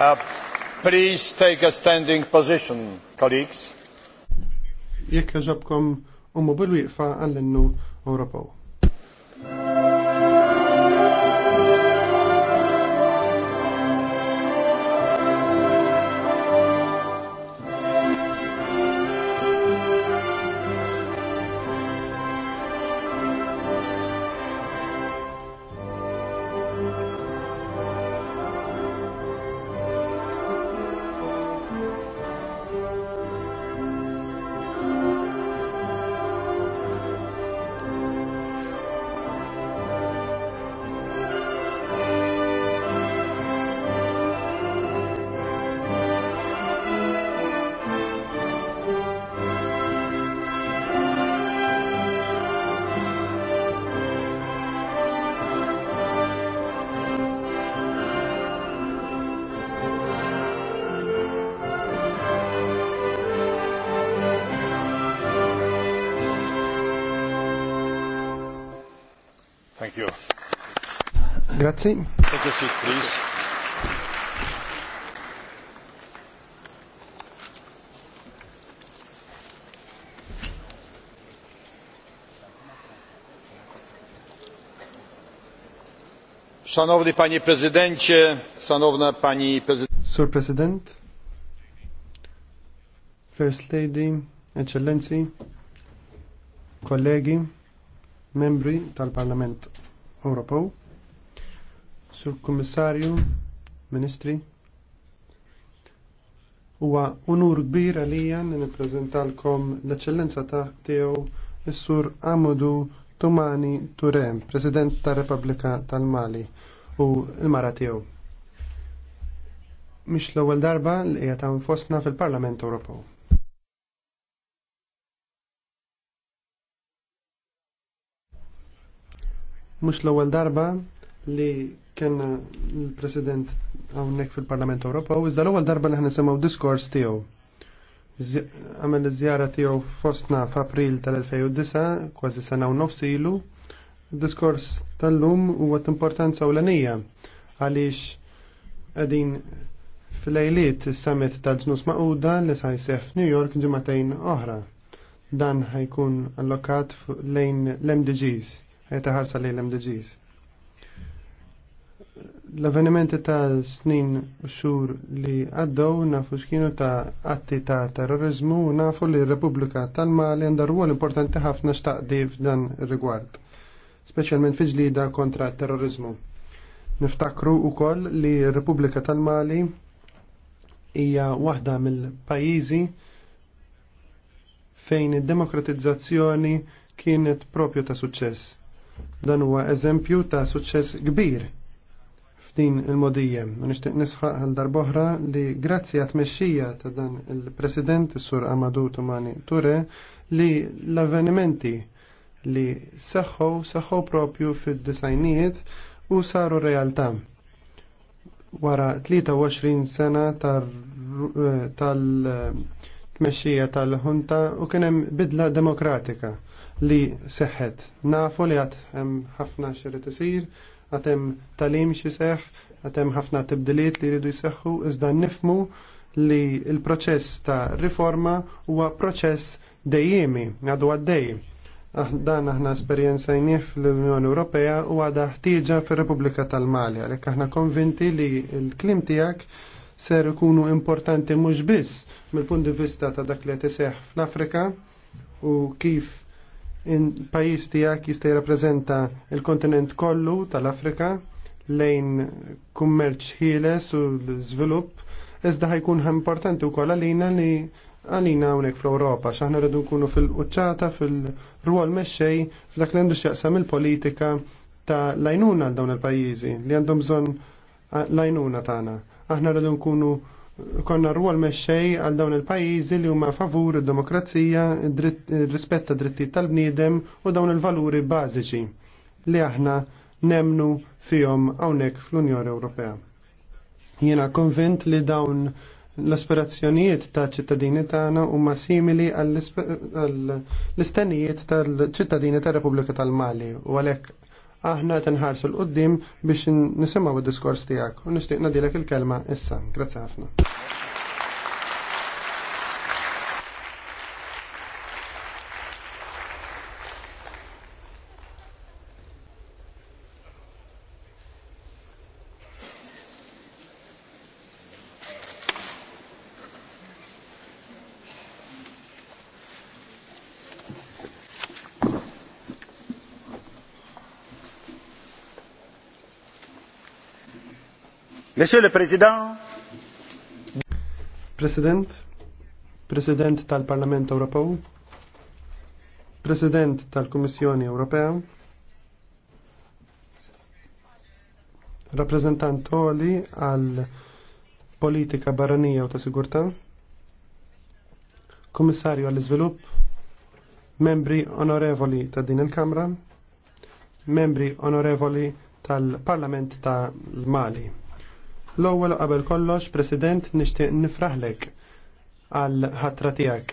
Uh, please take a standing position, colleagues. Jekk ġabkom u mobil wieqfa għall-innu Ewropew. Grazie. Szanowny panie prezydencie, szanowna pani prezydent. Sir President, first lady, eccellenzi, kolegi, membri tal-Parlament Ewropew. Sur Kummissarju, Ministri, huwa unur kbir għalija li nippreżentalkom l-eċellenza ta' tiegħu is-Sur Amudu Tumani Turem, President tar-Repubblika tal-Mali u l-mara tiegħu. Mhix l-ewwel darba li qiegħed hawn fostna fil-Parlament Ewropew. Mhux l-ewwel darba li kena l-President għawnek fil-Parlament u iżda l-ewwel darba li semgħu diskors tiegħu. Għamel iż-żjara tiegħu fostna f'April tal-2009, kważi sena u nofs ilu. Diskors tal-lum huwa t-importanza l-għanija għaliex qegħdin fil-lejliet is-summit tal-ġnus maquda li sa jsef New York ġimagħtejn oħra. Dan ħajkun allokat lejn l-MDGs, ħarsa lejn l-MDGs. L-avvenimenti ta' snin u xhur li għaddew nafu x'kienu ta' atti ta' terrorizmu u nafu li r-Repubblika tal-Mali għandha rwol importanti ħafna x'taqdi f'dan ir-rigward, speċjalment fi ġlida kontra t terrorizmu. Niftakru wkoll li r-Repubblika tal-Mali hija waħda mill-pajjiżi fejn id-demokratizzazzjoni kienet propju ta' suċċess. Dan huwa eżempju ta' suċċess kbir f'din il-modijem. Nishtiq nisħaq għal darboħra li grazzi għat-mexxija ta' dan il-President Sur Amadu Tumani Ture li l-avvenimenti li seħħu seħħu propju fid-disajnijiet u saru realtà. Wara 23 sena tal-mexxija tal-ħunta u kienem bidla demokratika li seħħet. Nafu li għat ħafna xirrit isir għatem talim xiseħ, għatem ħafna tibdiliet li jridu jseħħu, iżda nifmu li il-proċess ta' riforma huwa proċess dejjemi, għadu għaddej. Ah, dan aħna esperjenza jnif l-Unjoni Ewropea u għada ħtieġa fir-Repubblika tal malja lek aħna konvinti li l-klim tiegħek ser ikunu importanti mhux biss mill-punt di vista ta' dak li qed iseħħ fl-Afrika u kif in pajis tijak jista' jirrappreżenta il-kontinent kollu tal-Afrika lejn kummerċ ħieles u l-żvilupp, iżda ħajkun importanti wkoll għalina li għalina unek fl-Europa, xaħna rridu nkunu fil-qċata, fil-ruol meċċej, f'dak li għandu xjaqsam il-politika ta' lajnuna għal dawn il-pajizi, li għandhom bżon lajnuna tagħna. Aħna rridu nkunu konna rwol mexxej għal dawn il-pajjiżi li huma favur id-demokrazija, rispett ta' drittijiet tal-bniedem u dawn il-valuri bażiċi li aħna nemnu fihom hawnhekk fl-Unjoni Ewropea. Jiena konvint li dawn l-aspirazzjonijiet ta' ċittadini tagħna huma simili għall-istennijiet tal-ċittadini tar-Repubblika tal-Mali u għalhekk aħna tenħarsu l-qoddim biex nisimaw id-diskors tijak. U nishtiqna dilek il-kelma issa. Grazie ħafna. Monsieur le Président. President, President tal-Parlament Ewropew, President tal-Kummissjoni Ewropea, Rappresentant Oli għal Politika Barranija u ta' Sigurta, Kummissarju għal Izvilup, membri onorevoli ta' din il-Kamra, membri onorevoli tal-Parlament tal-Mali. L-ewwel qabel kollox, President, nixtieq nifraħlek għal ħatra tiegħek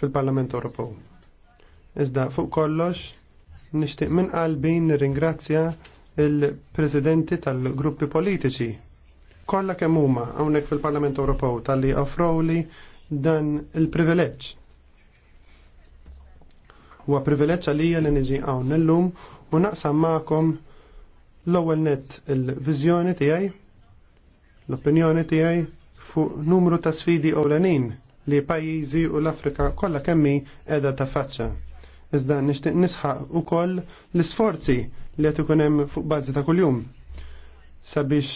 fil-Parlament Ewropew. Iżda fuq kollox, nixtieq minn qalbi nirringrazzja il-presidenti tal-gruppi politiċi kollha kemm huma hawnhekk fil-Parlament Ewropew talli offrowli dan il-privileġġ. Huwa privileġġ għalija li niġi hawn illum u naqsam magħkom L-ewwel nett il-viżjoni tiegħi, l-opinjoni tiegħi fuq numru ta' sfidi ewlenin li pajjiżi u l-Afrika kollha kemmi qiegħda ta' faċċa. Iżda nixtieq nisħaq ukoll l-isforzi li qed ikun hemm fuq bażi ta' kuljum sabiex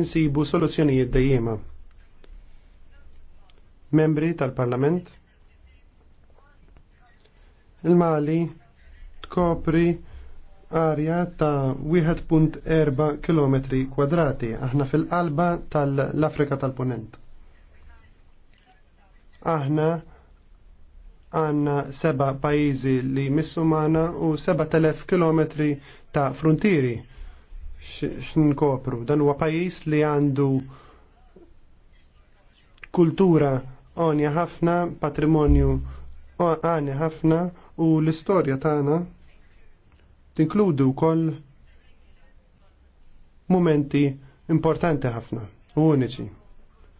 insibu soluzzjonijiet dejjema. Membri tal-Parlament, il-Mali tkopri arja ta' 1.4 km kwadrati, aħna fil-qalba tal-Afrika tal-Ponent. Aħna għanna seba pajizi li missu maħna u 7.000 km ta' frontieri x'nkopru. Dan huwa pajis li għandu kultura għanja ħafna, patrimonju għanja ħafna u l-istorja tagħna tinkludu wkoll momenti importanti ħafna u uniċi.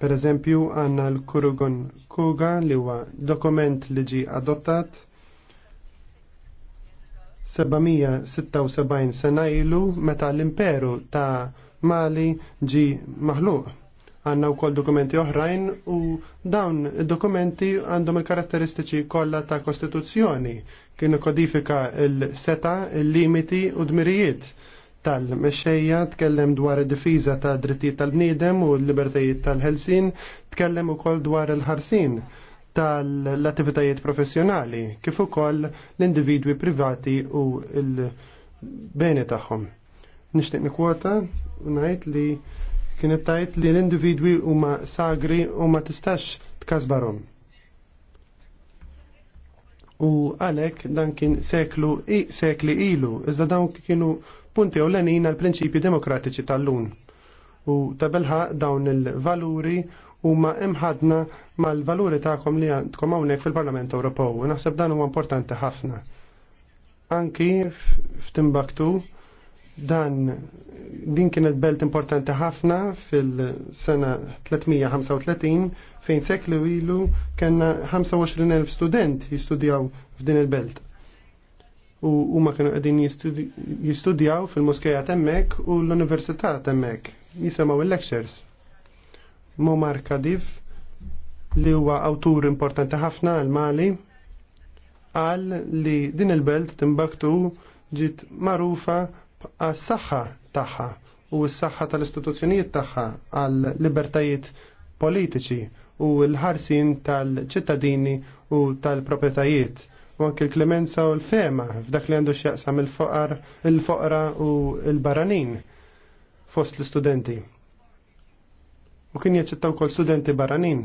Per eżempju, għanna l-Kurugon Kuga li huwa dokument li ġi adottat 776 sena ilu meta l-imperu ta' Mali ġi maħluq. Għanna u koll dokumenti oħrajn u dawn dokumenti għandhom il-karatteristiċi kollha ta' kostituzzjoni kienu kodifika il-seta, il-limiti u dmirijiet tal-mexxejja, tkellem dwar id-difiża ta' drittijiet tal-bniedem u l-libertajiet tal-ħelsin, tkellem ukoll dwar il-ħarsin tal-attivitajiet professjonali, kif ukoll l-individwi privati u l-beni tagħhom. Nixtieq nikwota u ngħid li kienet tajt li l-individwi huma sagri u ma tistax tkasbarhom u għalek dan kien seklu i sekli ilu, iżda dawn kienu punti u l-enin għal-prinċipi demokratiċi tal-lun. U tabelħa dawn il-valuri u ma imħadna mal-valuri ta'kom li għandkom hawnhekk fil-Parlament Ewropew. U naħseb dan huwa importanti ħafna. Anki f'Timbaktu Dan din kienet belt importanti ħafna fil-sena 335 fejn seklu ilu kena 25.000 student jistudjaw f'din il-belt. U huma kienu qegħdin jistudjaw fil-moskeja temmek u l-università temmek jisemgħu il-lectures. Momar Kadif li huwa awtur importanti ħafna għal Mali qal li din il-belt timbaktu ġiet marufa għas-saħħa tagħha u s-saħħa tal-istituzzjonijiet tagħha għal libertajiet politiċi u l-ħarsin tal-ċittadini u tal-proprjetajiet. U anke l-klemenza u l-fema f'dak li għandu x'jaqsam il-foqar, il-foqra u l-baranin fost l-studenti. U kien jaċċettaw kol studenti baranin.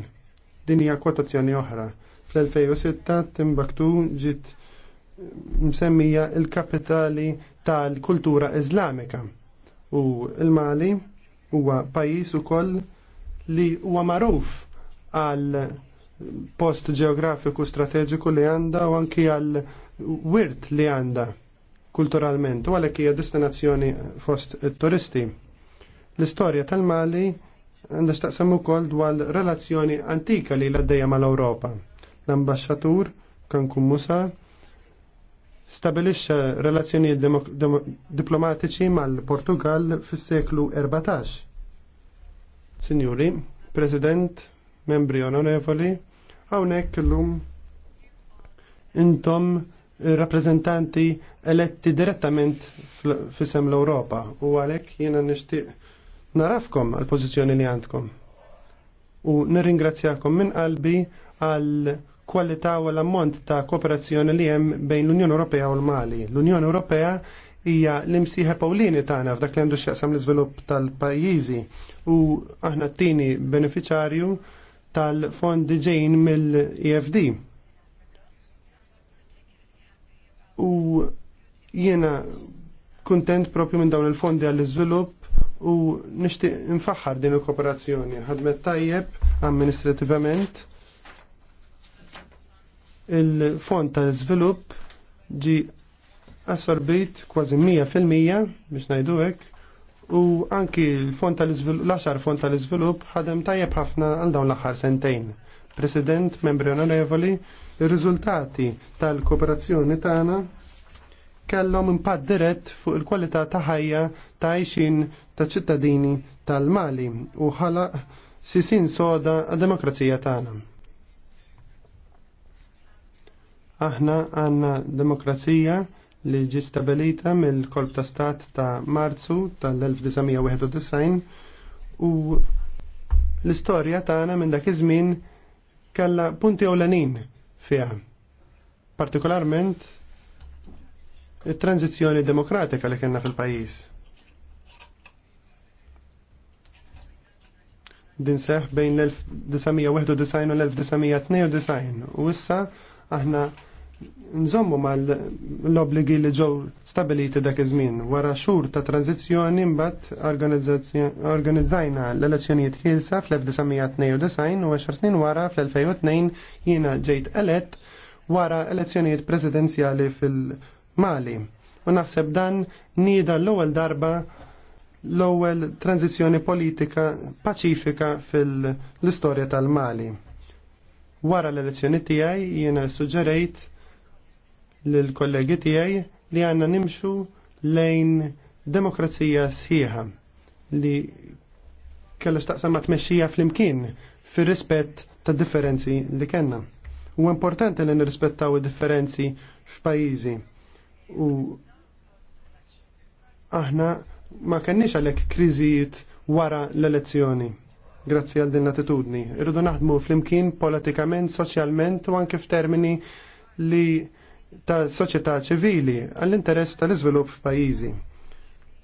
Din hija kwotazzjoni oħra. Fl-2006 Timbuktu ġiet msemmija il-kapitali tal-kultura Iżlamika. U l-Mali huwa pajjiż ukoll li huwa magħruf għal post ġeografiku strateġiku li għandha u anki għal wirt li għandha kulturalment u għalhekk hija destinazzjoni fost it-turisti. L-istorja tal-Mali għandha x'taqsam ukoll dwar relazzjoni antika li l-għaddejja mal-Ewropa. L-ambaxxatur Kankun Musa stabilixxa relazzjonijiet diplomatiċi mal-Portugal fis-seklu 14. Signori President, membri onorevoli, hawnhekk lum intom rappreżentanti eletti direttament fissem l-Ewropa u għalhekk jiena nixtieq narafkom għal pożizzjoni li għandkom. U nirringrazzjakom minn qalbi għal kwalità u l-ammont ta' kooperazzjoni li hemm bejn l-Unjoni Ewropea u l-Mali. L-Unjoni Ewropea hija l-imsieħa Pawlini tagħna f'dak li għandu x'jaqsam l-iżvilupp tal-pajjiżi u aħna t-tieni beneficjarju tal-fondi ġejn mill-EFD. U jiena kuntent propju minn dawn il-fondi għall-iżvilupp u nixtieq infaħħar din il-kooperazzjoni. Ħadmet tajjeb amministrativament il-fond ta' svilup ġi assorbit kważi 100% biex najdu hekk u anki l-fond tal-iżvilupp l-10 fond tal iżvilupp l axar fond tal iżvilupp ħadem tajjeb ħafna għal dawn l-aħħar sentejn. President, membri onorevoli, il riżultati tal-kooperazzjoni tagħna kellhom impatt dirett fuq il-kwalità ta' ħajja ta' għajxin ta' ċittadini tal-Mali u ħalaq sisin soda għad-demokrazija tagħna. Aħna għanna demokrazija li ġi stabilita mill-kolb ta' stat ta' marzu tal-1991 u l-istorja tagħna minn dak iż-żmien kellha punti ewlenin fiha. Partikolarment it-tranzizzjoni demokratika li kellna fil-pajjiż. Din seħ bejn l-1991 u l-1992 u issa aħna nżommu mal-obligi li ġew stabiliti dak iż-żmien. Wara xhur ta' tranzizzjoni mbagħad organizzajna l-elezzjonijiet ħielsa fl-1992 u 10 snin wara fl-2002 jiena ġejt elett wara elezzjonijiet presidenzjali fil-Mali. U naħseb dan nieda l-ewwel darba l-ewwel tranzizzjoni politika paċifika fil-istorja tal-Mali. Wara l-elezzjoni tiegħi jiena suġġerejt l-kollegi tiegħi li għanna nimxu lejn demokrazija sħiħa li kellu staqsam ma tmexxija fl-imkien fir-rispett ta' differenzi li kellna. U importanti li nirrispettaw differenzi f'pajjiżi. U aħna ma kenniex għalhekk kriżijiet wara l-elezzjoni. Grazzi għal din l-attitudni. Irridu naħdmu fl-imkien politikament, soċjalment u anke f'termini li ta' soċjetà ċivili għall-interess tal-iżvilupp f'pajjiżi.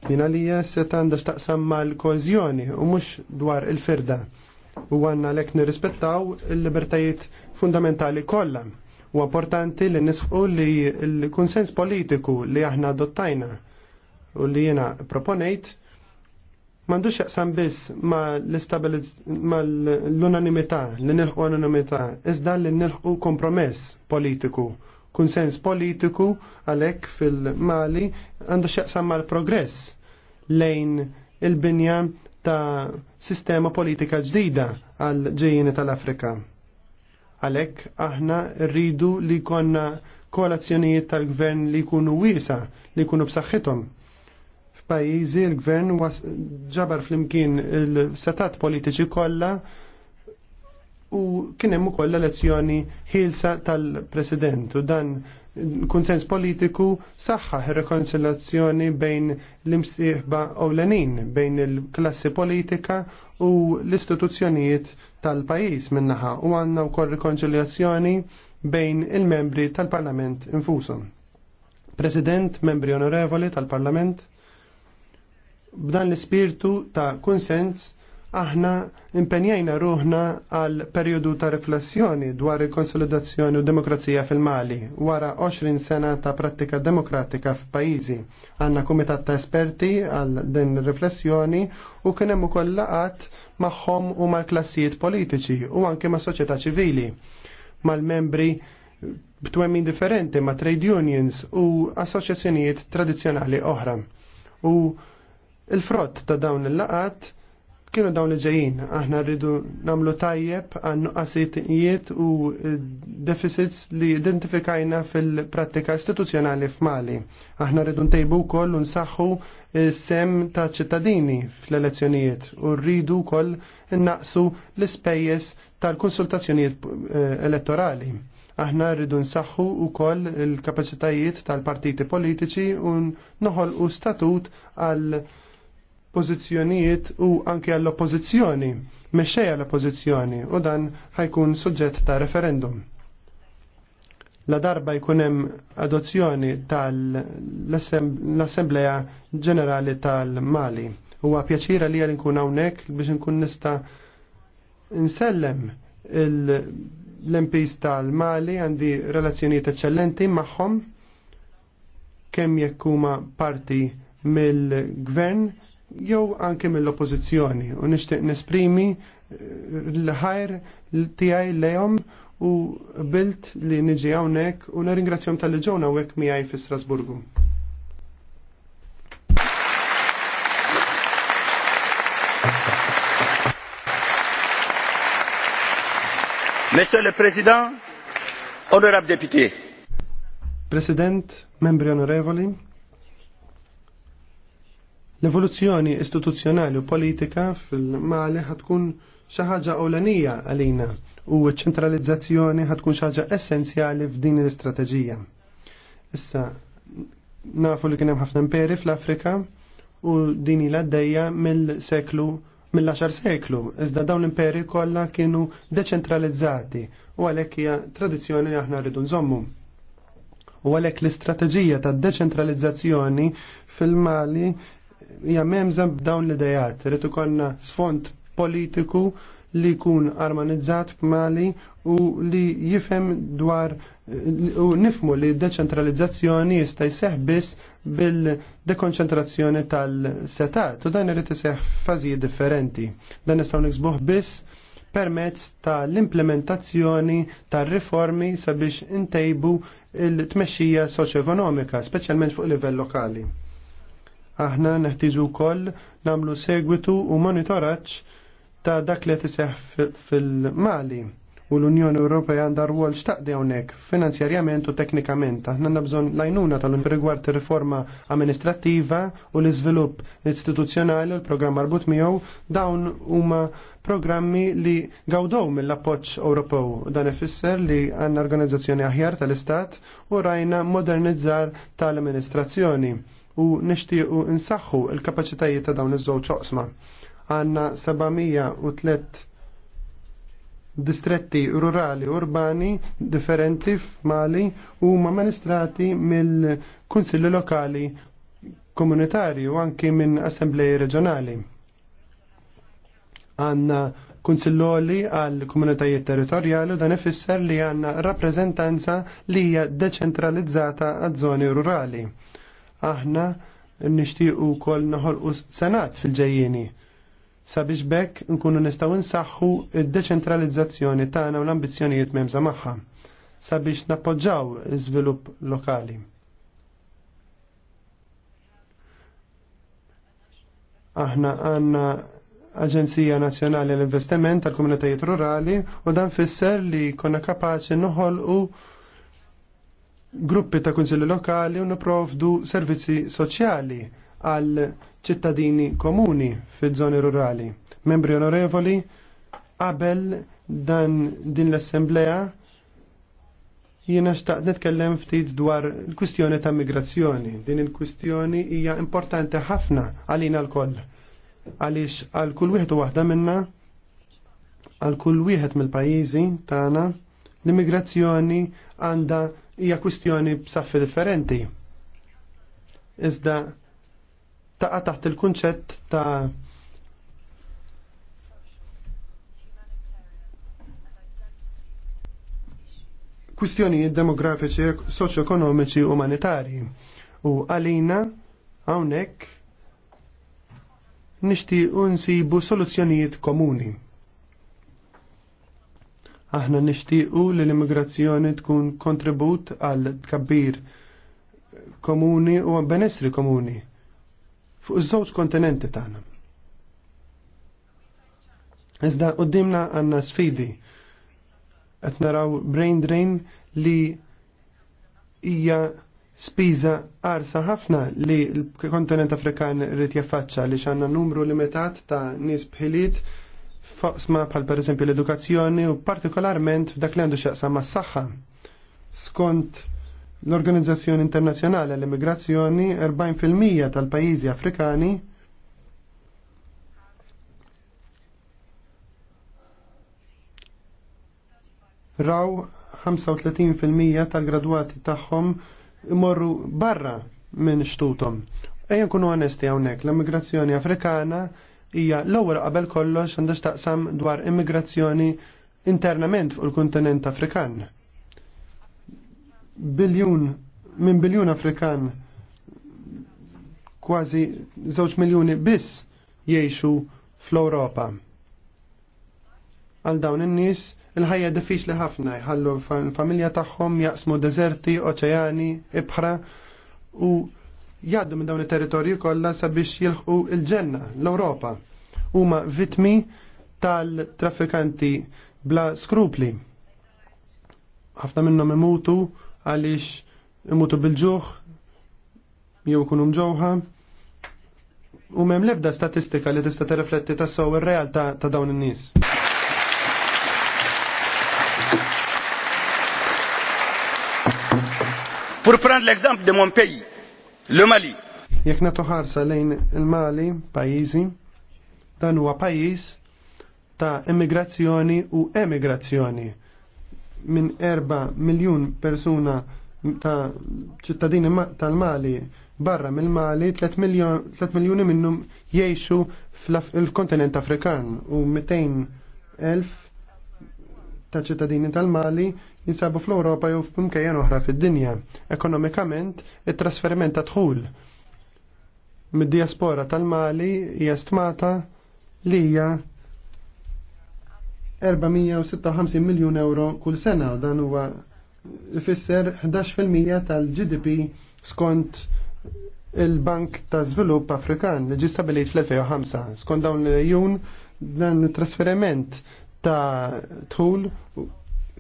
Din għalija se għandha x'taqsam mal-koeżjoni u mhux dwar il-firda. U għanna lek nirrispettaw il-libertajiet fundamentali kollha. U importanti li nisfqu li l-konsens politiku li aħna adottajna u li jena proponejt mandux jaqsam biss ma l-unanimità, li nilħu unanimità, iżda li nilħu kompromess politiku kunsens politiku għalhekk fil-Mali għandu x'jaqsam mal-progress lejn il-binja ta' sistema politika ġdida għal ġejjini tal-Afrika. Għalhekk aħna rridu li konna koalazzjonijiet tal-gvern li jkunu wiesa, li jkunu b'saħħithom. F'pajjiżi l-gvern ġabar flimkien il-setat politiċi kollha u kien hemm ukoll elezzjoni ħilsa tal-President u dan kunsens politiku saħħaħ ir bejn l-imsieħba ewlenin bejn il-klassi politika u l-istituzzjonijiet tal-pajis minnaħa u għanna u kol bejn il-membri tal-parlament infushom. President, membri onorevoli tal-parlament, b'dan l-ispirtu ta' konsens aħna impenjajna ruħna għal periodu ta' riflessjoni dwar il-konsolidazzjoni u demokrazija fil-Mali wara 20 sena ta' prattika demokratika f'pajjiżi. Għanna kumitat ta' esperti għal din riflessjoni u kien hemm ukoll maħħom magħhom u mal-klassijiet politiċi u anke ma' soċjetà ċivili mal-membri b'twemmin differenti ma' trade unions u assoċjazzjonijiet tradizzjonali oħra. U il-frott ta' dawn il-laqat kienu dawn li ġejjin. Aħna rridu namlu tajjeb għan nuqqasijiet u deficits li identifikajna fil-prattika istituzzjonali f'Mali. Aħna rridu ntejbu wkoll u nsaħħu sem ta' ċittadini fl-elezzjonijiet u rridu wkoll naqsu l-ispejjeż tal-konsultazzjonijiet eh, elettorali. Aħna rridu nsaħħu wkoll il-kapaċitajiet tal-partiti politiċi u noħolqu statut għal pożizzjonijiet u anke għall-oppożizzjoni, mexxejja l-oppożizzjoni u dan ħajkun suġġett ta' referendum. La darba jkun hemm adozzjoni tal-Assembleja Ġenerali tal-Mali. Huwa pjaċira li nkun hawnhekk biex nkun nista' nsellem l-MPs tal-Mali għandi relazzjonijiet eċċellenti magħhom kemm jekk huma parti mill-gvern jew anke mill-oppożizzjoni u nixtieq nesprimi eh, l-ħajr tiegħi lejhom u bilt li niġi hawnhekk u nirringrazzjahom tal-li ġew miegħi fi Strasburgu. Monsieur le Président, honorable député. President, membri onorevoli, L-evoluzzjoni istituzzjonali u politika fil-Mali ħatkun xi ħaġa ewlenija għalina u ċ-ċentralizzazzjoni ħatkun xi ħaġa essenzjali f'din l-istrateġija. Issa nafu li kien hemm ħafna imperi fl-Afrika u din ilha għaddejja mill-seklu mill-10 seklu, iżda dawn l-imperi kollha kienu deċentralizzati u għalhekk hija tradizzjoni li aħna rridu nżommu. U għalhekk l-istrateġija ta' deċentralizzazzjoni fil-Mali Ija memżem b'dawn l-idejat. Rrid ikollna sfond politiku li jkun armonizzat f'Mali u li jifhem dwar u nifmu li deċentralizzazzjoni jista' jseħħ biss bil-dekonċentrazzjoni tal-setat u dan irid iseħħ fażijiet differenti. Dan nistgħu nixbuh biss permezz tal-implementazzjoni tar-riformi sabiex intejbu il-tmexxija soċjoekonomika, speċjalment fuq livell lokali. Aħna neħtiġu wkoll nagħmlu segwitu u monitoraċ ta' dak li tiseħ fil-Mali u l-Unjoni Ewropea għandha rwol xtaqdi hawnhekk finanzjarjament u teknikament. Aħna nabżon lajnuna tal-rigward riforma amministrattiva u l-iżvilupp istituzzjonali u l-programm marbut miegħu dawn huma programmi li gawdow mill-appoġġ Ewropew. Dan ifisser li għandna organizzazzjoni aħjar tal-Istat u rajna modernizzar tal-amministrazzjoni u nixtiequ insaħħu l-kapaċitajiet ta' dawn iż-żewġ oqsma. Għandna 703 distretti rurali urbani differenti f'Mali u ma ministrati mill-Kunsilli Lokali Komunitarju u anki minn Assembleji Reġjonali. Għandna kunsilloli għal komunitajiet territorjali u dan ifisser li għanna rappreżentanza li hija deċentralizzata għad żoni rurali aħna nixtiequ wkoll s senat fil-ġejjieni sabiex bekk nkunu nistgħu nsaħħu id-deċentralizzazzjoni tagħna u l-ambizzjonijiet memza magħha sabiex nappoġġaw iżvilupp lokali. Aħna għanna Aġenzija Nazzjonali l investiment tal-Komunitajiet Rurali u dan fisser li konna kapaċi noħolqu gruppi ta' kunsilli lokali u niprovdu servizzi soċjali għal ċittadini komuni fi żoni rurali. Membri onorevoli, qabel dan din l-assemblea jiena xtaqt nitkellem ftit dwar il-kwistjoni ta' migrazzjoni. Din il-kwistjoni hija importanti ħafna għalina l-koll. Għaliex għal kull wieħed u waħda minna, għal kull wieħed mill-pajjiżi tagħna, l-immigrazzjoni għandha hija kwistjoni b'saffi differenti. Iżda taqa' taħt il-kunċett ta' kwistjonijiet demografiċi, soċjoekonomiċi, umanitarji. U għalina hawnhekk nixtiequ nsibu soluzzjonijiet komuni. Aħna nixtiequ li l-immigrazzjoni tkun kontribut għal tkabbir komuni u benessri komuni fuq iż-żewġ kontinenti tagħna. Iżda qudiemna għandna sfidi qed naraw brain drain li hija spiża qarsa ħafna li l-kontinent Afrikan rrid jaffaċċa li għandna numru limitat ta' nies bħilit faqsma bħal per eżempju l-edukazzjoni u partikolarment f'dak li għandu xaqsa ma' s-saxħa. Skont l-Organizzazzjoni Internazzjonali għall-Immigrazzjoni 40% tal-pajjiżi Afrikani raw 35% tal-gradwati tagħhom imorru barra minn xtutom. Ejja nkunu onesti hawnhekk, l-immigrazzjoni Afrikana hija l-ewwel qabel kollox għandha taqsam dwar immigrazzjoni internament fuq il-kontinent Afrikan. Biljun minn biljun Afrikan kważi żewġ miljuni biss jgħixu fl-Ewropa. Għal dawn in-nies il-ħajja diffiċli ħafna jħallu l-familja tagħhom jaqsmu deżerti, oċeani, ibħra u Jaddu minn dawn it-territorju kollha sabiex jilħqu il-ġenna, l-Ewropa. Huma vitmi tal-traffikanti bla skrupli. Ħafna minnhom imutu għaliex imutu bil-ġuħ jew ikunu mġewħa. U m'hemm l-ebda statistika li tista' tirrifletti tassew ir-realtà ta' dawn in-nies. Pour prendre l'exemple de mon pays, l-Mali. Jek natu ħarsa lejn il-Mali, pajizi, dan huwa pajiz ta' emigrazzjoni u emigrazzjoni minn 4 miljun persuna ta' ċittadini tal-Mali barra mill-Mali 3 miljoni minnum jiexu fil-kontinent Afrikan u 200 elf ta' ċittadini tal-Mali jinsabu fl-Europa jew f'imkejjen oħra fid-dinja. Ekonomikament, it-trasferiment ta' dħul mid-diaspora tal-Mali hija stmata li hija 456 miljun euro kull sena u dan huwa ifisser 11% tal-GDP skont il-Bank ta' Zvilupp Afrikan li ġi stabilit fl-2005. Skont dawn l-jun dan trasferiment ta' tħul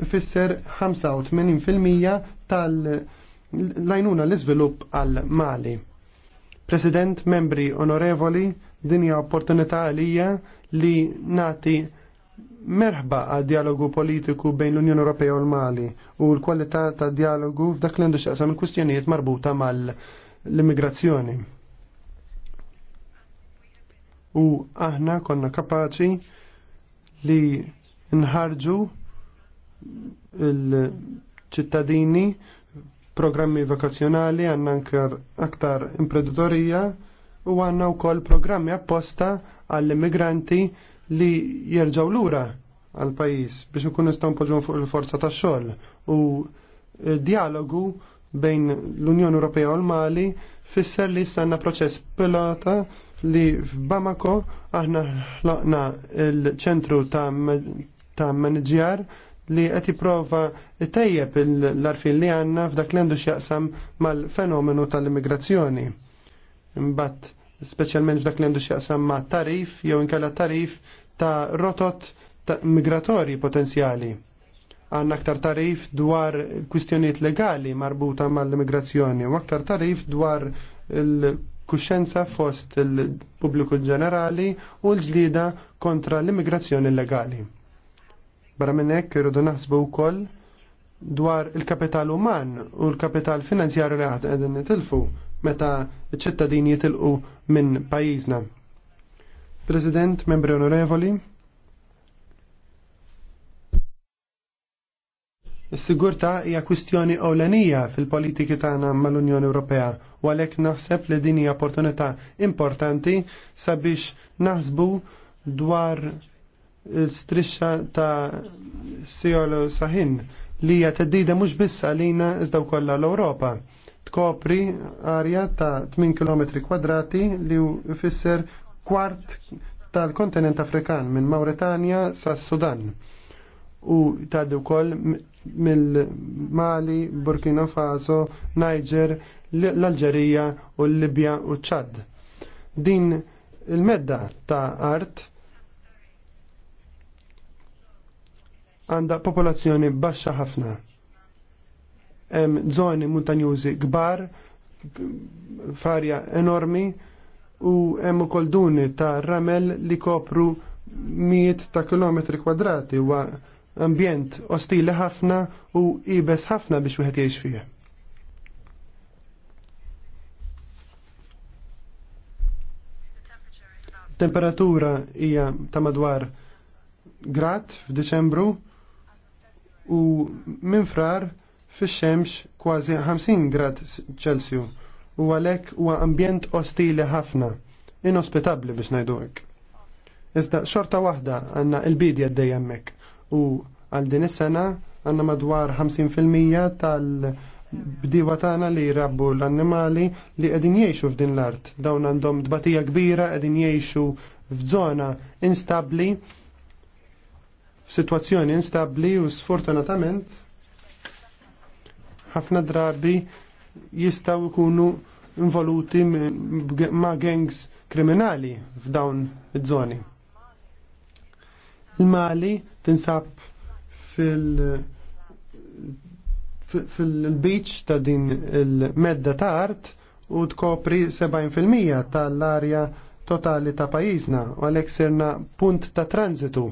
fisser 85% tal-lajnuna l-iżvilupp għal Mali. President, membri onorevoli, dinja opportunità għalija li nati merħba għad dialogu politiku bejn l-Unjoni Ewropea u l-Mali u l-kwalità ta' dialogu f'dak l għandu xaqsam il-kwistjonijiet marbuta mal-immigrazzjoni. U aħna konna kapaċi li nħarġu il-ċittadini, programmi vakazzjonali, għanna aktar imprenditorija u għanna u koll programmi apposta għall-immigranti li jerġaw lura għal-pajis biex nkun nistaw npoġġu fuq il-forza ta' xogħol u dialogu bejn l-Unjoni Ewropea u l-Mali fisser li sanna proċess pilota li f'Bamako aħna ħloqna l-ċentru ta' ta' manager li qed jipprova tejjeb l-arfin li għandna f'dak li għandu x'jaqsam mal-fenomenu tal-immigrazzjoni. Mbatt, speċjalment f'dak li għandu x'jaqsam ma' tarif jew inkella tarif ta' rotot ta migratori potenzjali. Għanna aktar tarif dwar kwistjonijiet legali marbuta mal-immigrazzjoni u aktar tarif dwar il kuxenza fost il-pubbliku ġenerali u l-ġlida kontra l-immigrazzjoni illegali. Barra minnek irridu naħsbu wkoll dwar il-kapital uman u l-kapital finanzjarju li għad għedin nitilfu meta ċittadini jitilqu minn pajjiżna. President, membri onorevoli, Is-sigurtà hija kwistjoni ewlenija fil-politiki tagħna mal-Unjoni Ewropea u għalhekk naħseb li din hija opportunità importanti sabiex naħsbu dwar l-strisċa ta' Siolo Sahin li hija teddida mhux biss għalina iżda wkollha l-Ewropa. Tkopri arja ta' 8 km kwadrati li jfisser kwart tal-kontinent Afrikan minn Mauretania sa' Sudan u tgħaddi ukoll mill-Mali, Burkina Faso, Niger, l-Alġerija u l-Libja u ċad. Din il-medda ta' art għandha popolazzjoni baxxa ħafna. Hemm żoni montanjużi kbar, farja enormi u hemm ukoll duni ta' ramel li kopru miet ta' kilometri kwadrati wa ambjent ostili ħafna u ibes ħafna biex wieħed jgħix fih. temperatura hija ta' madwar grad f'Diċembru u minfrar fix-xemx kważi 50 grad Celsiu u għalhekk huwa ambjent ostili ħafna, inospitabbli biex ngħidu hekk. Iżda xorta waħda għandna l-bidja għaddej hemmhekk u għal din is-sena għandna madwar 50% tal- bdiwa tagħna li jrabu l-annimali li qegħdin jgħixu f'din l-art. Dawn għandhom dbatija kbira qegħdin jgħixu f'żona instabbli f'sitwazzjoni instabbli u sfortunatament ħafna drabi jistgħu jkunu involuti ma' gangs kriminali f'dawn iż-żoni. Il-Mali tinsab fil- fil-beach ta' din il-medda ta' art u tkopri 70% tal-arja totali ta' pajizna u għalek sirna punt ta' transitu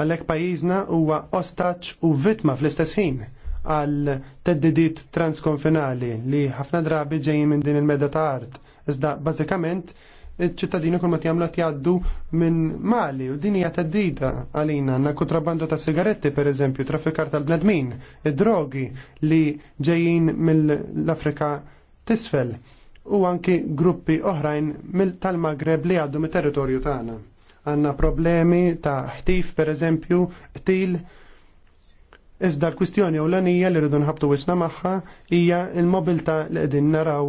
Għalhekk pajjiżna huwa ostaċ u vittma fl-istess ħin għal teddidit transkonfinali li ħafna drabi ġejjin minn din il-medda ta' art. Iżda bażikament iċ-ċittadini kull ma jagħmlu jgħaddu minn Mali u din hija teddida għalina għandna kontrabbandu ta' sigaretti pereżempju, traffikar tal-bnedmin, id-drogi li ġejjin mill-Afrika tisfel u anki gruppi oħrajn tal-Magreb li għaddu mit-territorju tagħna. Għanna problemi ta' ħtif, per eżempju, qtil. Iżda l-kwistjoni u l-anija li rridu nħabtu wisna maħħa hija il-mobilta li qegħdin naraw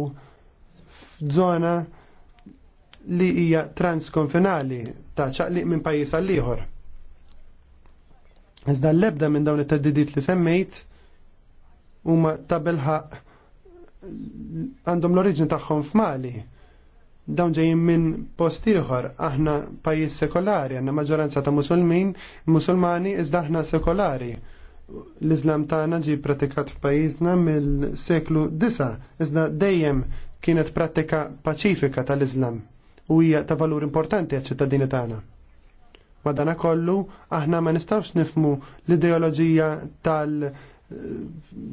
f'żona li hija transkonfinali ta' ċaqliq minn pajjiż għal ieħor. Iżda l-ebda minn dawn it-teddidiet li semmejt huma ta' bilħaq għandhom l-oriġni tagħhom f'Mali dawn ġejjin minn post ieħor, aħna pajjiż sekolari, għandna maġġoranza ta' musulmin, musulmani iżda aħna sekolari. L-Islam tagħna ġie pratikat f'pajjiżna mill-seklu 9, iżda dejjem kienet pratika paċifika tal-Islam u hija ta' valur importanti għaċ-ċittadini tagħna. Madana kollu, aħna ma nistawx nifmu l-ideoloġija tal-Islam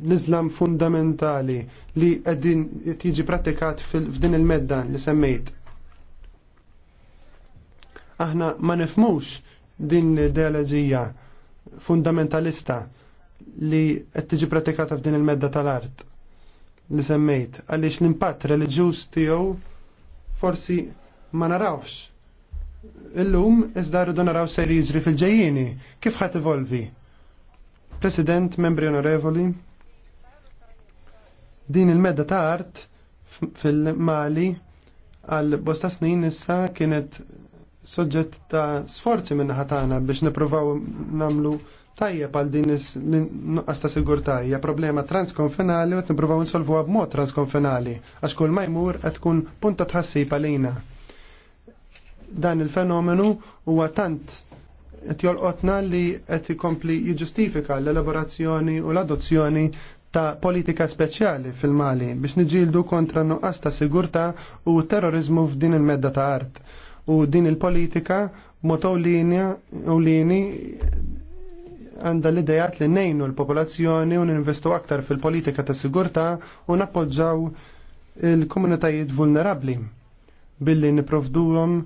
l-Islam fundamentali li għedin tiġi pratikat f'din il-medda li semmejt. Aħna ma nifmux din l-ideologija fundamentalista li qed tiġi pratikata f'din il-medda tal-art li semmejt għaliex l-impatt reliġjuż tiegħu forsi ma narawx. Illum iżda rridu naraw se jiġri fil ġejjini kif ħadd evolvi President, membri onorevoli, din il-medda ta' art fil-Mali għal bosta snin issa kienet soġġett ta' sforzi minn ħatana biex nipruvaw namlu tajjeb għal din nuqqas ta' sigurtà tajja. problema transkonfenali u qed nsolvu għab mod transkonfenali għax kull ma jmur qed tkun punta tħassib palina. Dan il-fenomenu huwa tant qed jolqotna li qed ikompli jiġġustifika l-elaborazzjoni u l-adozzjoni ta' politika speċjali fil-Mali biex niġildu kontra nuqqas ta' sigurta u terrorizmu f'din il-medda ta' art. U din il-politika lini għanda l-idejat li nejnu l-popolazzjoni u ninvestu aktar fil-politika ta' sigurta u nappoġġaw il-komunitajiet vulnerabli billi niprofduhom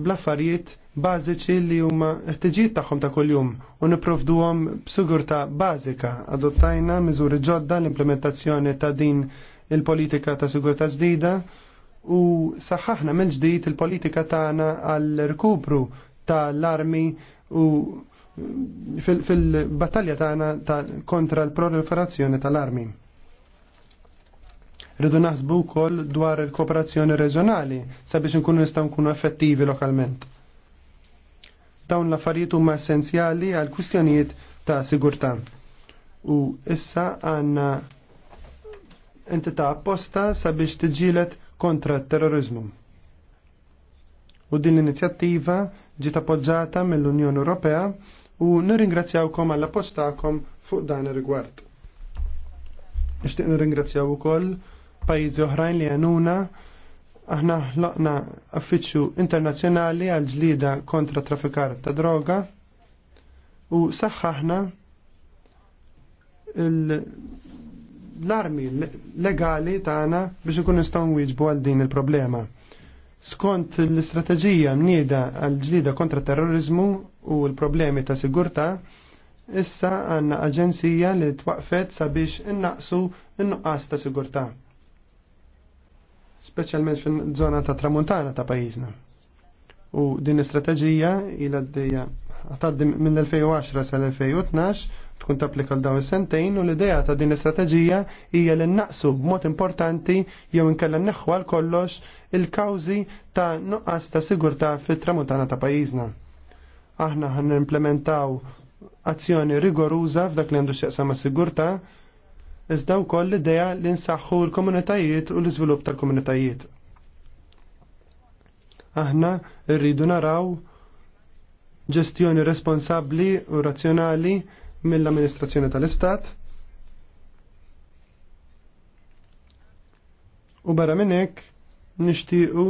bl-affarijiet bażiċi li huma ħtiġijiet tagħhom ta' kuljum u nipprovduhom b'sigurtà bażika. Adottajna miżuri ġodda l-implementazzjoni ta' din il-politika ta' sigurtà ġdida u saħħaħna mill-ġdid il-politika tagħna għal ta' tal-armi u fil-battalja tagħna kontra l-proliferazzjoni tal-armi. Rridu naħsbu wkoll dwar il-kooperazzjoni reġjonali sabiex inkunu nistgħu nkunu effettivi lokalment. Dawn l-affarijiet huma essenzjali għal kwistjonijiet ta' sigurtà. U issa għandna entità apposta sabiex tiġilet kontra t-terrorizmu. U din l-inizjattiva ġiet appoġġata mill-Unjoni Ewropea u nirringrazzjawkom għall appoġġ tagħkom fuq dan ir-rigward. Nixtieq nirringrazzjaw ukoll pajjiżi oħrajn li għanuna aħna ħloqna affiċċju internazzjonali għal ġlida kontra traffikar ta' droga u saħħaħna l-armi legali tagħna biex ikun nistgħu nwieġbu għal din il-problema. Skont l-istrateġija mnieda għal ġlida kontra terrorizmu u l-problemi ta' sigurtà, issa għandna aġenzija li twaqfet sabiex innaqsu n-nuqqas ta' sigurtà speċjalment fin-żona ta' tramuntana ta' pajjiżna. U din l-istrateġija ilha għaddejja għataddim mill-2010 sal-2012 tkun tapplika l-dawn sentejn u l-idea ta' din l-istrateġija hija li naqsu b'mod importanti jew inkella neħwa l-kollox il-kawżi ta' nuqqas ta' sigurtà fit-tramuntana ta' pajjiżna. Aħna ħan implementaw azzjoni rigoruża f'dak li għandu xieqsa ma' sigurtà iżda wkoll l-idea li nsaħħu l-komunitajiet u l-iżvilupp tal-komunitajiet. Aħna rridu naraw ġestjoni responsabbli u razzjonali mill-amministrazzjoni tal-Istat. U barra minn hekk nixtiequ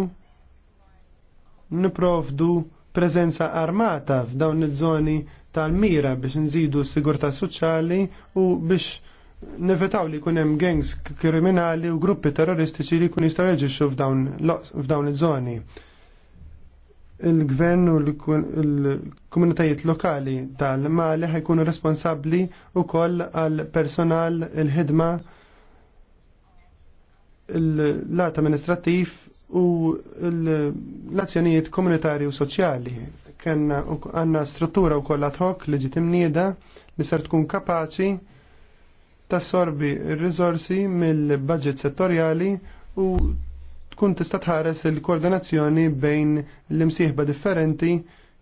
niprovdu preżenza armata f'dawn iż-żoni tal-mira biex nżidu s-sigurtà soċjali u biex nevetaw li kunem gangs kriminali u gruppi terroristiċi li kun jistaw jaġiċu f'dawn iż-żoni. Il-gvern u l-komunitajiet lokali tal-Mali ħajkunu responsabli u koll għal personal il-ħidma l-lat amministrativ u l-azzjonijiet komunitarji u soċjali. Kenna għanna struttura u koll li hoc leġitimnieda li ser tkun kapaċi tassorbi r rizorsi mill-budget settorjali u tkun tista' tħares il-koordinazzjoni bejn l-imsieħba differenti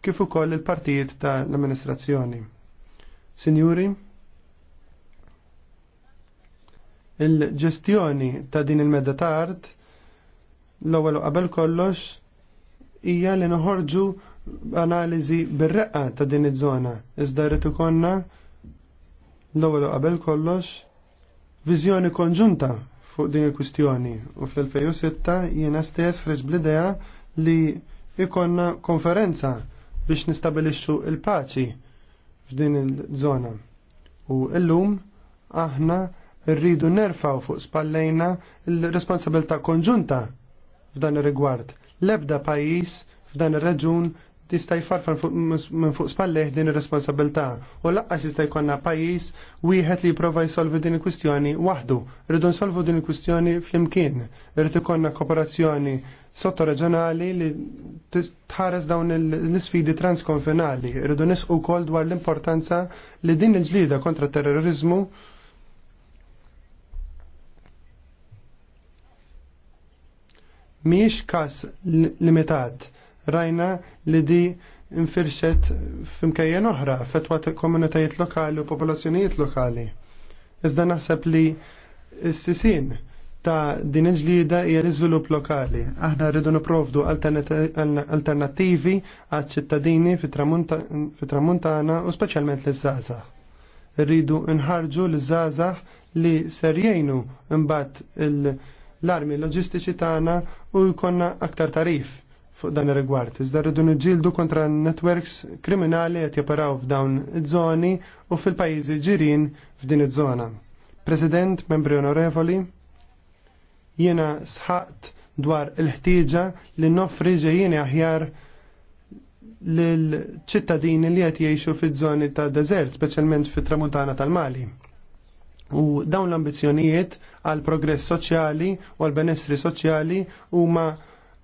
kif ukoll il-partijiet tal-amministrazzjoni. Sinjuri, il-ġestjoni ta' din il-medda ta' art l-ewwel qabel kollox hija li noħorġu analiżi bir-reqqa ta' din iż-żona. Iżda rrid ukoll l-ewwel qabel kollox viżjoni konġunta fuq din il-kwistjoni u fl-2006 jiena stess ħreġ bl-idea li ikonna konferenza biex nistabilixxu il-paċi f'din il-żona. U llum aħna rridu nerfaw fuq spallejna l-responsabilità konġunta f'dan ir-rigward. L-ebda pajjiż f'dan ir-reġun tista' jfarfar minn fuq spalleh din ir-responsabilità u laqqas jista' jkollna pajjiż wieħed li jipprova jsolvi din il-kwistjoni waħdu. Rridu nsolvu din il-kwistjoni flimkien. Irrid ikollna kooperazzjoni sottoreġjonali li tħares dawn l-isfidi transkonfinali. Irridu nisqu wkoll dwar l-importanza li din il-ġlida kontra terrorizmu miex kas limitat rajna li di infirxet f'imkejjen oħra, fetwa komunitajiet lokali u popolazzjonijiet lokali. Iżda naħseb li s-sisin ta' din il-ġlida hija l-iżvilupp lokali. Aħna rridu niprovdu alternattivi għad ċittadini fit-tramuntana u speċjalment l-żgħażagħ. Rridu nħarġu l-żgħażagħ li ser jgħinu mbagħad l-armi loġistiċi tagħna u jkollna aktar tarif fuq dan ir-rigward. Iżda rridu niġġieldu kontra networks kriminali qed jeparaw f'dawn iż-żoni u fil-pajjiżi ġirin f'din iż-żona. President, membri onorevoli, jiena sħaqt dwar il-ħtieġa li noffri ġejjieni aħjar lill-ċittadini li qed jgħixu fiż-żoni ta' deżert, speċjalment fit-tramuntana tal-Mali. U dawn l-ambizzjonijiet għal progress soċjali u għal benessri soċjali huma ma'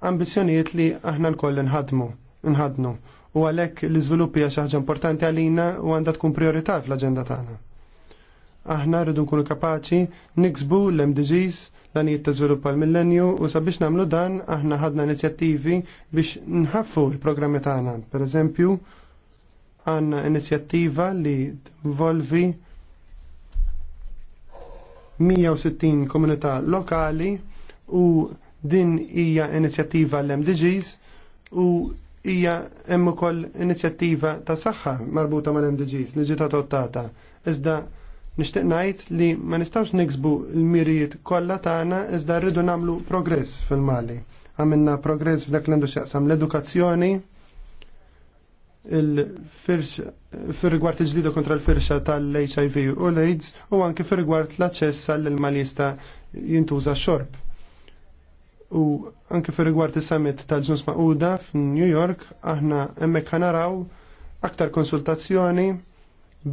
ambizjonijiet li aħna l-koll nħadmu, nħadnu. U għalek l-izviluppi għax ħaġa importanti għalina u għandha tkun priorità fl-agenda tagħna. Aħna rridu nkunu kapaċi niksbu l-MDGs l-għanijiet ta' żvilupp għal-millenju u sabiex namlu dan aħna ħadna inizjattivi biex nħaffu l-programmi tagħna. Per eżempju, għanna inizjattiva li volvi 160 komunità lokali u Din hija inizjattiva l-MDGs u hija hemm ukoll inizjattiva ta' saħħa marbuta mal-MDGs li ġiet adottata. Iżda nixtieq ngħid li ma nistgħux niksbu l-mirijiet kollha tagħna iżda rridu nagħmlu progress fil-Mali. Għamilna progress f'dak l-għandu x'jaqsam l-edukazzjoni, fir-rigward il-ġdida kontra l-firxa tal-HIV u l-AIDS u anke fir-rigward l-aċċess għall-malista jintuża xorb. U anke fir rigward is-summit tal-ġnus maquda f'New York, aħna hemmhekk naraw aktar konsultazzjoni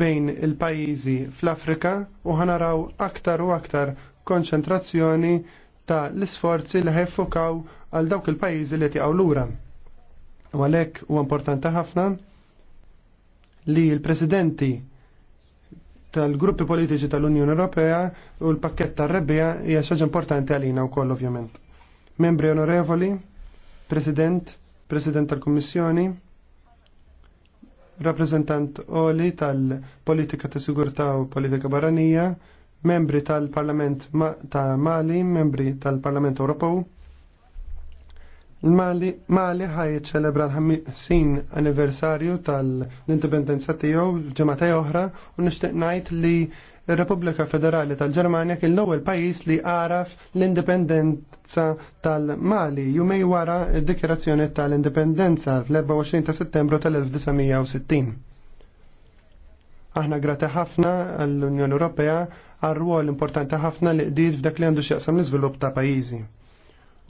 bejn il-pajjiżi fl-Afrika u ħanaraw aktar u aktar konċentrazzjoni ta' l-isforzi li ħeffukaw għal dawk il-pajjiżi li tiqgħu lura. U għalhekk huwa importanti ħafna li l-presidenti tal-gruppi politiċi tal-Unjoni Ewropea u l-pakket tar-rebbija hija xaġa importanti għalina wkoll ovvjament membri onorevoli, President, President tal-Kommissjoni, rappresentant oli tal-Politika ta' Sigurtà u Politika Barranija, membri tal-Parlament ta' Mali, membri tal-Parlament Ewropew. Il-Mali Mali ħaj ċelebra l ħamsin anniversarju tal-indipendenza tiegħu ġemata oħra u nixtieq ngħid li ir-Repubblika Federali tal-Ġermanja kien l-ewwel pajjiż li għaraf l-indipendenza tal-Mali jumej wara d-dikjerazzjoni tal-indipendenza fl-24 ta' Settembru tal-1960. Aħna grati ħafna għall-Unjoni Ewropea għal ruol importanti ħafna li qdiet f'dak li għandu x'jaqsam l-iżvilupp ta' pajjiżi.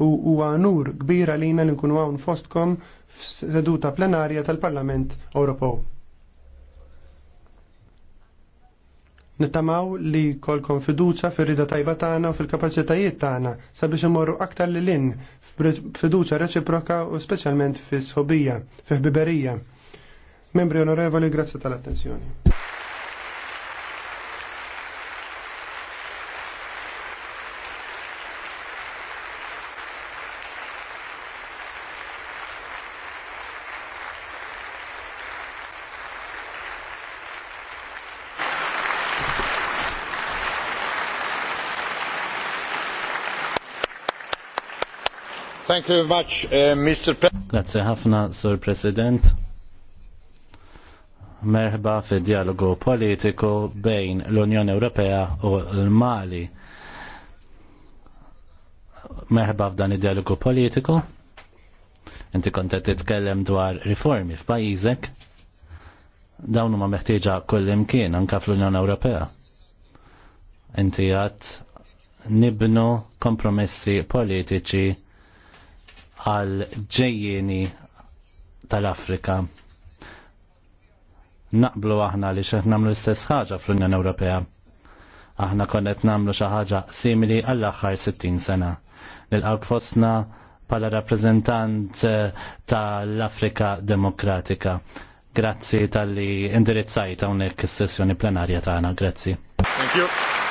U huwa nur kbira lina li nkunu hawn fostkom f'seduta plenarja tal-Parlament Ewropew. Nittamaw li kolkom fiduċa fil-rida tajba tagħna u fil-kapaċitajiet tagħna sabiex imorru aktar li lin fiduċa reċiproka u speċjalment fis sobija fi ħbiberija. Membri onorevoli, grazzi tal-attenzjoni. Thank you very much, uh, Mr. President. Grazie ħafna, Sur President. Merħba fi dialogu politiku bejn l-Unjoni Ewropea u l-Mali. Merħba f'dan id-dialogu politiku. Inti kont qed titkellem dwar riformi f'pajjiżek. Dawn huma meħtieġa kull imkien anke fl-Unjoni Ewropea. Inti għad nibnu kompromessi politiċi għal ġejjieni tal-Afrika. Naqblu aħna li xeħt namlu l-istess ħaġa fl-Unjoni Ewropea. Aħna konnet namlu xi ħaġa simili għall-aħħar 60 sena. Nilqaw fostna pala rappresentant eh, tal-Afrika Demokratika. Grazzi tal-li indirizzajt hawnhekk is-sessjoni plenarja tagħna. Grazzi. Thank you.